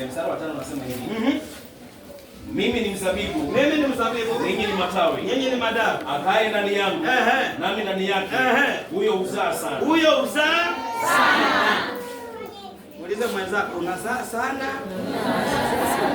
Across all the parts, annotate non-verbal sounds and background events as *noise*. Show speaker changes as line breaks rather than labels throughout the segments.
ya mstari wa tano unasema hivi. Mhm.
Mimi ni mzabibu.
Mimi ni mzabibu.
Ninyi ni matawi. Ninyi
ni madaa. Akae ndani yangu. Ehe. Nami ndani yake. Ehe. Huyo uzaa sana.
Huyo uzaa
sana.
Muulize mwenzako unazaa sana?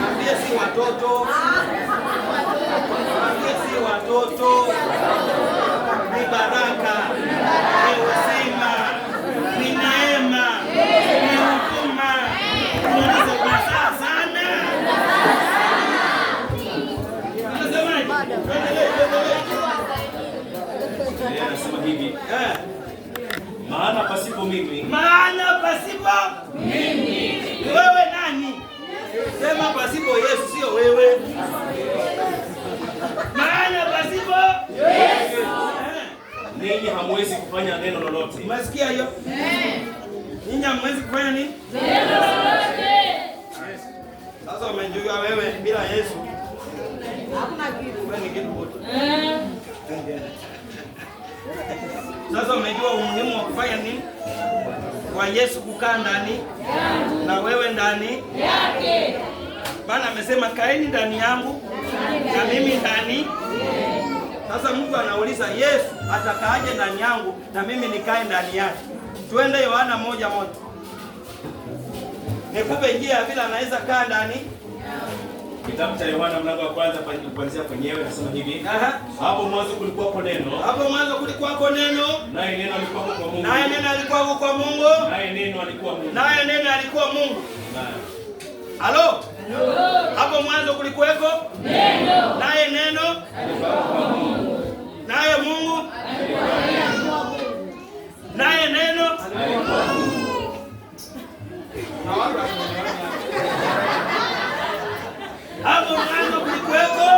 Mwambie si watoto. Ah. Mwambie si watoto. Ni baraka. Ninyi hamwezi kufanya neno lolote.
Umesikia hiyo?
Ninyi hamwezi kufanya nini?
Neno lolote.
Sasa umejua wewe bila Yesu hakuna kitu. Wewe ni kitu eh. Sasa umejua umuhimu wa kufanya nini? Kwa Yesu kukaa ndani na wewe ndani
yake.
Bwana amesema kaeni ndani yangu na mimi ndani sasa Mungu anauliza Yesu atakaaje ndani yangu na mimi nikae ndani yake? Twende Yohana moja moja, nikupe njia vile anaweza kaa ndani Kitabu cha Yohana mlango wa kwanza kuanzia kwenyewe nasema hivi. Hapo mwanzo kulikuwa kwa neno.
Hapo mwanzo kulikuwa kwa neno.
Naye neno alikuwa kwa Mungu.
Naye neno alikuwa kwa Mungu.
Naye neno alikuwa Mungu.
Naye neno alikuwa Mungu.
Halo? Hapo mwanzo kulikuweko
neno.
Naye neno
alikuwa kwa Mungu
naye Mungu naye neno hapo mwanzo kulikuweko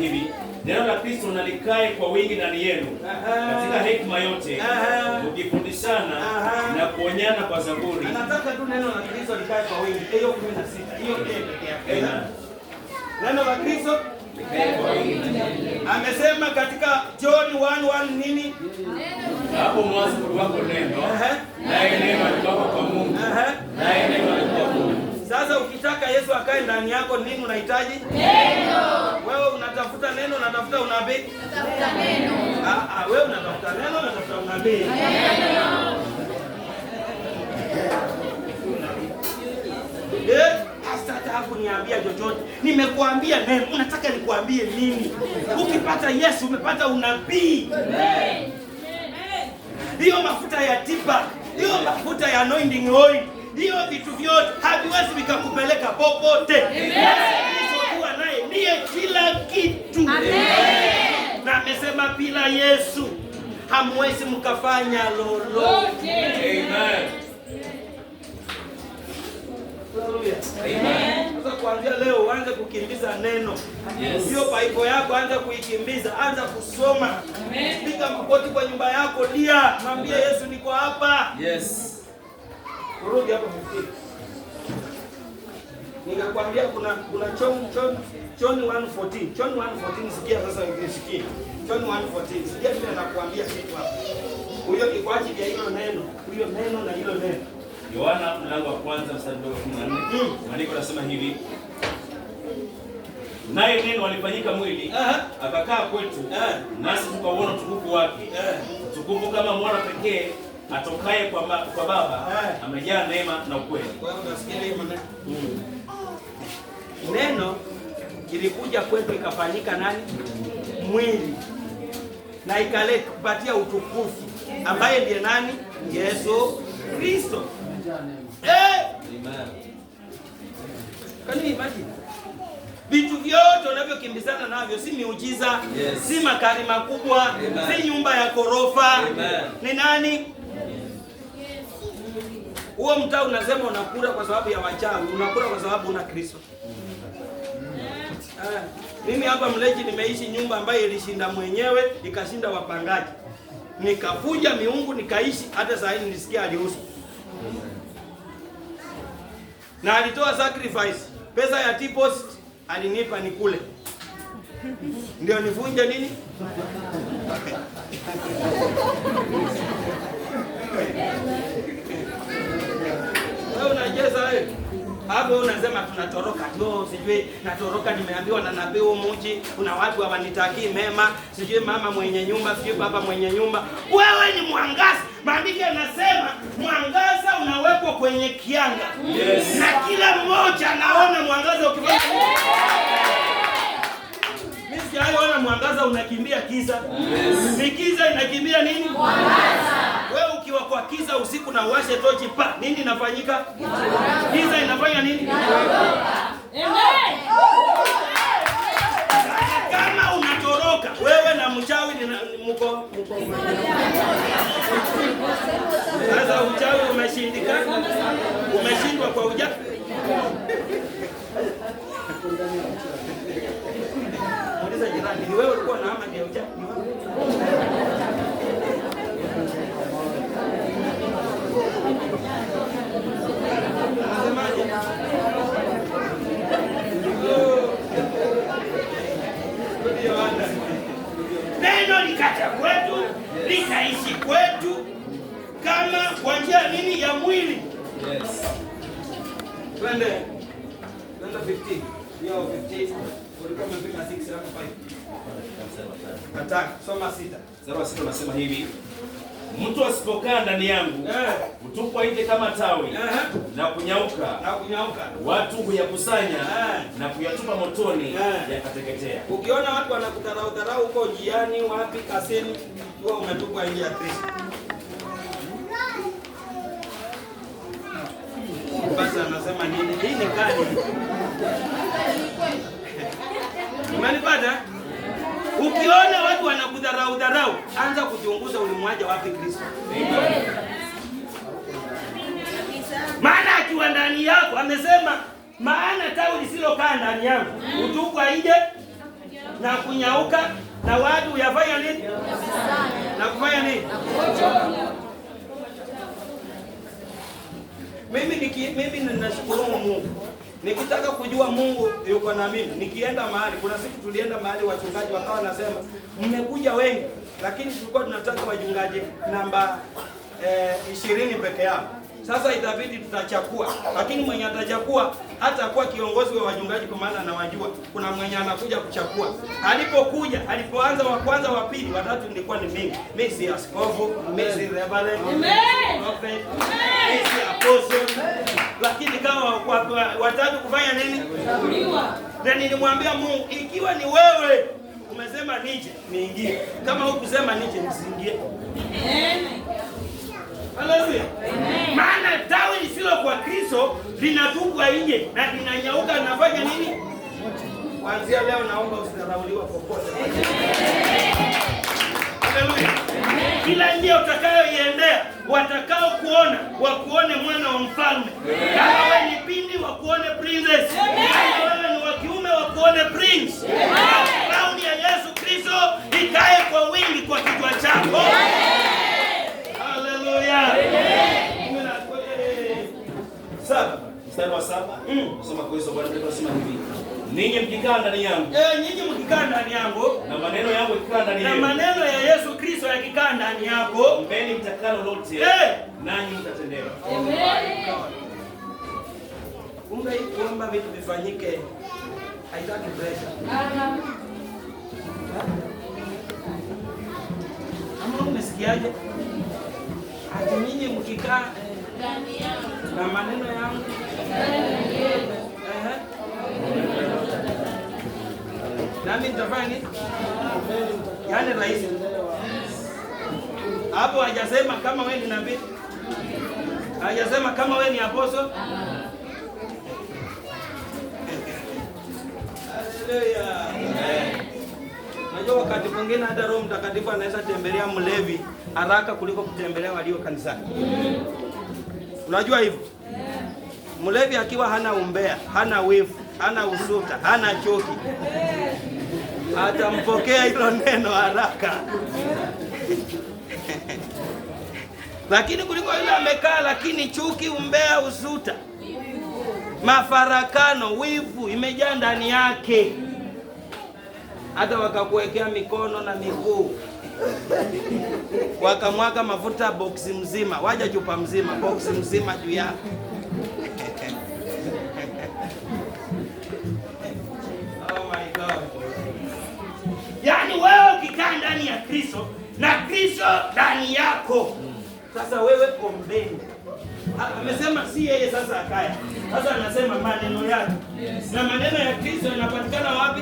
hivi neno la Kristo nalikae kwa wingi ndani yenu katika hekima yote, mkifundishana na kuonyana kwa zaburi.
Nataka tu neno la Kristo likae kwa wingi, hiyo 16 hiyo pekee yake. Neno la Kristo amesema katika John 1:1 nini?
Hapo mwanzo kulikuwako neno, naye neno alikuwako kwa Mungu, naye neno alikuwa Mungu.
Sasa ukitaka Yesu akae ndani yako, nini unahitaji? Neno unatafuta unabii?
Unatafuta neno.
Ah ah, wewe unatafuta neno, unatafuta unabii.
Neno.
Eh, hasa hata niambia chochote. Nimekuambia neno, unataka nikuambie nini? Ukipata Yesu umepata unabii.
Amen.
Hiyo mafuta ya tiba, hiyo mafuta ya anointing oil, hiyo vitu vyote haviwezi vikakupeleka popote.
Amen
tusaidie kila kitu.
Amen.
Na amesema bila Yesu hamwezi mkafanya lolote.
Amen.
Sasa kuanzia leo uanze kukimbiza neno hiyo. Yes. yako anza kuikimbiza, anza kusoma. Piga magoti kwa nyumba yako, lia, mwambie Yesu, niko hapa. Yes. Kurudi hapa mfikiri Nikakwambia kuna kuna John John John 1:14. John 1:14 sikia sasa hivi sikia John 1:14. Sikia tena nakwambia kitu hapo Huyo ni kwa ajili ya hilo neno, huyo neno na hilo neno. Yohana mlango wa kwanza mstari wa 14. Hmm. Maandiko yanasema hivi. Naye neno alifanyika mwili akakaa kwetu, nasi tukaona utukufu wake, tukufu kama mwana pekee atokaye kwa, kwa Baba, amejaa neema na ukweli. kwa hiyo unasikia Neno ilikuja kwetu ikafanyika nani mwili na ikaletupatia utukufu ambaye ndiye nani? Yesu Kristo. Eh! kani imagine vitu vyote unavyokimbizana navyo, si miujiza yes. si makari makubwa Amen. si nyumba ya korofa ni nani huo? yes. mtaa unasema kwa sababu ya wachawi, unakura kwa sababu una Kristo. Mimi hapa Mleji nimeishi nyumba ambayo ilishinda mwenyewe, ikashinda wapangaji, nikafuja miungu, nikaishi hata saa hii nisikia aliuza na alitoa sacrifice, pesa ya t-post alinipa nikule, ndio nivunje nini wewe unajeza wewe hapo unasema tunatoroka tu, sijui natoroka, nimeambiwa na nabii huu mji kuna watu hawanitakii mema, sijui mama mwenye nyumba, sijui baba mwenye nyumba. Wewe ni mwangaza. Maandiko yanasema mwangaza unawekwa kwenye kianga, yes. na kila mmoja anaona mwangaza ukifanya yes. Mimi sijaona mwangaza unakimbia kiza yes. ni kiza inakimbia nini?
Mwangaza
kuwa kwa kiza usiku na uwashe tochi pa nini inafanyika? Kiza inafanya nini? Kama unatoroka wewe na mchawi mko sasa, uchawi umeshindikana, umeshindwa kwa ujanja Muuliza jirani, ni wewe ulikuwa na ama ndio uchawi? Nataka soma sita. Sura sita unasema hivi. Mtu asipokaa ndani yangu eh. hutupwa nje kama tawi eh, eh. na kunyauka, na kunyauka. Watu huyakusanya na kuyatupa motoni yakateketea. Ukiona watu wanakudharau dharau huko jiani, wapi kaseni, wewe umetupwa nje ya Kristo. Basi anasema nini? Hii ni kali. Umenipata? *laughs* Ukiona watu wanakudharau dharau, anza kujiunguza ulimwaja wapi Kristo. Maana akiwa ndani yako amesema, maana tawi lisilokaa ndani yangu utukwa ije na kunyauka na watu yafanya nini na kufanya nini? Mimi niki, mimi ninashukuru Mungu Nikitaka kujua Mungu yuko na mimi, nikienda mahali, kuna siku tulienda mahali, wachungaji wakawa wanasema mmekuja wengi, lakini tulikuwa tunataka wachungaji namba eh, ishirini peke yao. Sasa itabidi tutachakua, lakini mwenye atachakua hata kuwa kiongozi wa wachungaji, kwa maana anawajua. Kuna mwenye anakuja kuchakua. Alipokuja, alipoanza wa kwanza, wa pili, wa tatu, nilikuwa ni mimi. Mimi si askofu, mimi si reverend,
mimi si
apostle lakini kama watatu kufanya nini? Na nilimwambia Mungu, ikiwa ni wewe umesema nije niingie, kama hukusema nije nisiingie. Haleluya! Maana tawi lisilo kwa Kristo linatupwa nje na linanyauka. Nafanya nini? Kuanzia leo naomba usidharauliwa popote. Haleluya! Kila njia utakayoiendea watakao kuona wakuone mwana wa mfalme. Kama wewe ni pindi wakuone princess.
Kama
wewe ni wa kiume wakuone prince.
Crown
ya Yesu Kristo ikae kwa wingi kwa kichwa chako. Haleluya! Sasa, mstari wa saba. Mm. Soma kwa hizo Bwana anasema hivi ninyi mkikaa ndani yangu,
eh, ninyi mkikaa ndani yangu
na maneno yangu yakikaa ndani
yenu, na maneno ya Yesu Kristo yakikaa ndani yako,
ombeni mtakalo lote, eh, nanyi mtatendewa.
Amen.
Kumbe kuomba vitu vifanyike haitaki pressure. Ama umesikiaje? Ati ninyi mkikaa eh,
ndani yangu
na maneno yangu nami nitafanya nini? Yaani rahisi hapo, hajasema kama wewe ni nabii, hajasema kama wewe ni apostle. Haleluya! Najua wakati mwingine hata Roho Mtakatifu anaweza tembelea mlevi haraka kuliko kutembelea walio kanisani. Unajua hivyo mlevi akiwa hana umbea, hana wivu, hana usuta, hana chuki atampokea hilo neno haraka lakini kuliko yule amekaa, lakini chuki, umbea, usuta, mafarakano, wivu imejaa ndani yake, hata wakakuwekea mikono na miguu, wakamwaga mafuta boksi mzima, waja chupa mzima, boksi mzima juu yako. *laughs* Oh my God. Yaani wewe ukikaa ndani ya Kristo na Kristo ndani yako, sasa wewe ombeni. Amesema si yeye sasa akaya, sasa anasema maneno yake na maneno ya Kristo yanapatikana wapi?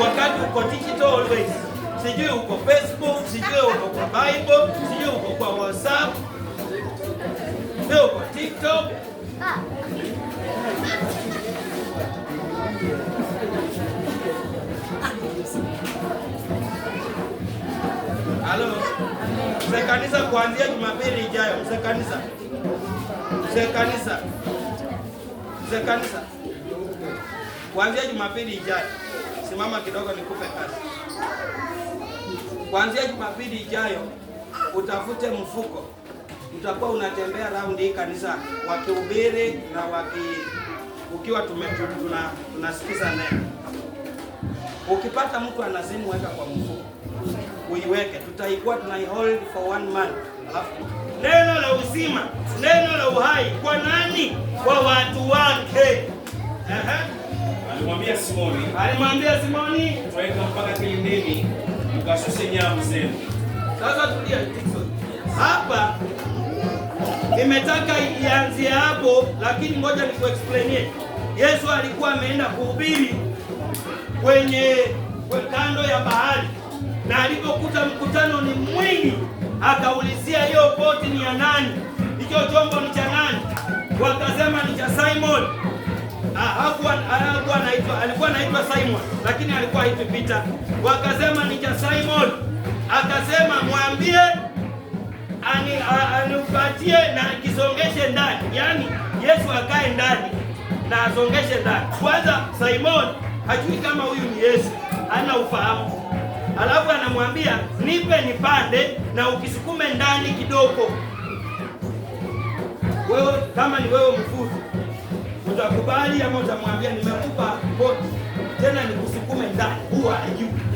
wakati uko digital always, sijui uko Facebook, sijui uko kwa Bible, sijui uko kwa WhatsApp, sijui uko TikTok. Halo. Mzee kanisa kuanzia Jumapili ijayo, mzee kanisa. Mzee kanisa. Mzee kanisa. Kuanzia Jumapili ijayo simama kidogo nikupe kazi. Kuanzia Jumapili ijayo utafute mfuko, utakuwa unatembea raundi hii kanisa wakihubiri na waki, ukiwa tumetuna tunasikiza neno. Ukipata mtu anazimu weka kwa mfuko, uiweke, tutaikuwa tunaihold for one month, alafu neno la uzima, neno la uhai kwa nani? Kwa watu wake alimwambia Simoni, alimwambia Simoni, twaweka mpaka kilindini, ukashushe nyavu zenu. Sasa tulia hapa, nimetaka ianzie hapo, lakini ngoja nikuexplainie. Yesu alikuwa ameenda kuhubiri kwenye kando ya bahari, na alipokuta mkutano ni mwingi, akaulizia hiyo boti ni ya nani? Hicho chombo ni cha nani? Wakasema ni cha Simon. Ah, ah, hakuwa anaitwa, alikuwa anaitwa Simon, lakini alikuwa haitwi Peter. Wakasema ni cha Simon, akasema mwambie aniupatie ani na kisongeshe ndani, yaani Yesu akae ndani na asongeshe ndani. Kwanza Simon hajui kama huyu ni Yesu, hana ufahamu Alafu anamwambia nipe nipande na ukisukume ndani kidogo. Wewe kama ni wewe mfuzu utakubali ama utamwambia nimekupa koti tena nikusukume ndani, huwa ajui